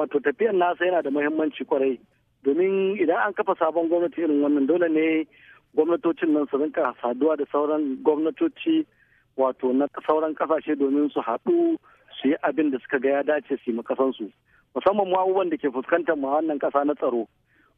wato tafiyan nasa yana da muhimmanci kwarai domin idan an kafa sabon gwamnati irin wannan dole ne gwamnatocin nan su rinka saduwa da sauran gwamnatoci wato na sauran kasashe domin su haɗu su yi abin da suka ga ya dace su yi makasansu musamman abubuwan da ke fuskantar ma wannan ƙasa na tsaro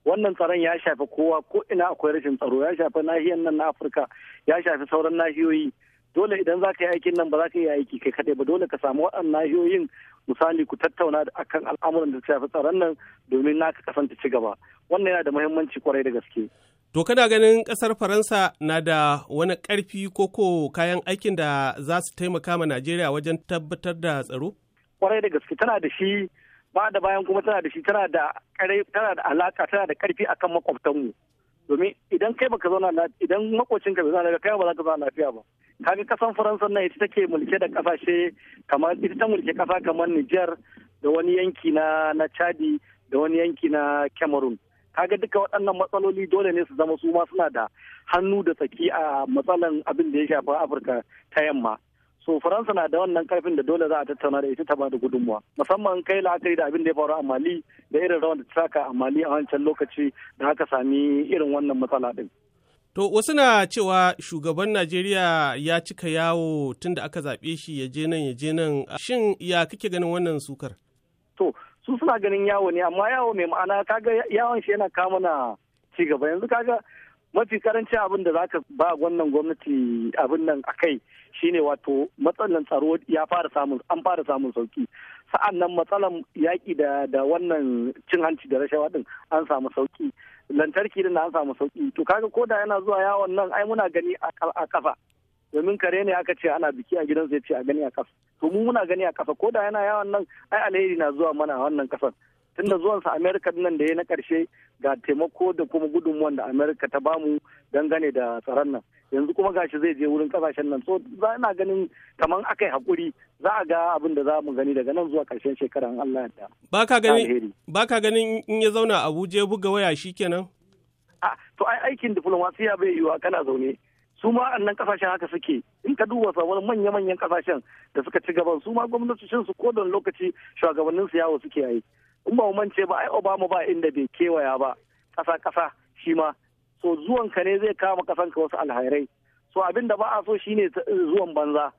wannan tsaron ya shafi kowa ko ina akwai rashin tsaro ya shafi nahiyar nan na afirka ya shafi sauran nahiyoyi dole idan za ka yi aikin nan ba za ka yi aiki kai kaɗai ba dole ka samu waɗannan nahiyoyin misali ku tattauna akan al'amuran da suka fi tsaron nan domin na ka ci gaba wannan yana da muhimmanci kwarai da gaske to kana ganin kasar faransa na da wani karfi ko ko kayan aikin da za su taimaka ma najeriya wajen tabbatar da tsaro kwarai da gaske tana da shi ba da bayan kuma tana da shi tana da tana da alaka tana da karfi akan makwabtanmu domin idan kai baka zauna idan makocin ka bai zauna kai ba za ka zauna lafiya ba kaga kasan faransa na ita take mulke da kasashe kamar ita ta mulke kasa kamar Niger da wani yanki na na Chadi da wani yanki na Cameroon kaga duka waɗannan matsaloli dole ne su zama su ma suna da hannu da tsaki a matsalan abin da ya shafi Afirka ta yamma so faransa na da wannan karfin da dole za a tattauna da ita ta ba da gudunmuwa musamman kai la'akari da abin da ya faru a mali da irin rawan da ta saka a mali a wancan lokaci da aka sami irin wannan matsala din To wasu na cewa shugaban Najeriya ya cika yawo tun da aka zaɓe shi ya je nan ya je nan shin ya kake ganin wannan sukar? To su suna ganin yawo ne amma yawo mai ma'ana kaga yawon shi yana kama na ci gaba yanzu kaga mafi karanci abin da zaka ba wannan gwamnati abin nan a kai shine wato matsalan tsaro ya fara samun an fara samun sauki sa'an nan matsalan yaƙi da da wannan cin hanci da rashawa din an samu sauki lantarki din an samu sauki to kaga da yana zuwa yawon nan ai muna gani a kafa domin kare ne aka ce ana biki a gidansa ya ce a gani a kasa to mu muna gani a ko da yana yawon nan ai alheri na zuwa mana a wannan kasar tunda zuwansa amerika nan da ya na karshe ga taimako da kuma gudunmuwan da amerika ta bamu dangane da tsaron nan yanzu kuma gashi zai je wurin kasashen nan so za ina ganin kaman akai hakuri za a ga abin da za mu gani daga nan zuwa karshen shekara an Allah ya baka ganin ka ganin in ya zauna Abuja ya buga waya shikenan a to ai aikin diplomasiya bai yiwa kana zaune su ma annan kasashen haka suke in ka duba sabon manya-manyan kasashen da suka ci gaban su ma gwamnatocin su kodon lokaci shugabannin su yawo suke yi in ba mance ba ai obama ba inda bai kewaya ba kasa kasa shi ma so zuwanka ne zai kama ka wasu alhairai so abin da ba a so shine zuwan banza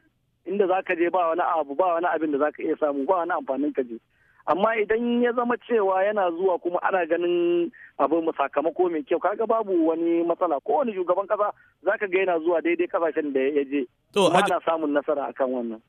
inda za ka je ba wani abu ba wani abin da za ka iya samu ba wani amfanin ka je amma idan ya zama cewa yana zuwa kuma ana ganin abin sakamako mai kyau kaga babu wani matsala kowane shugaban kasa zaka ga yana zuwa daidai kasashen da ya je ana samun nasara akan wannan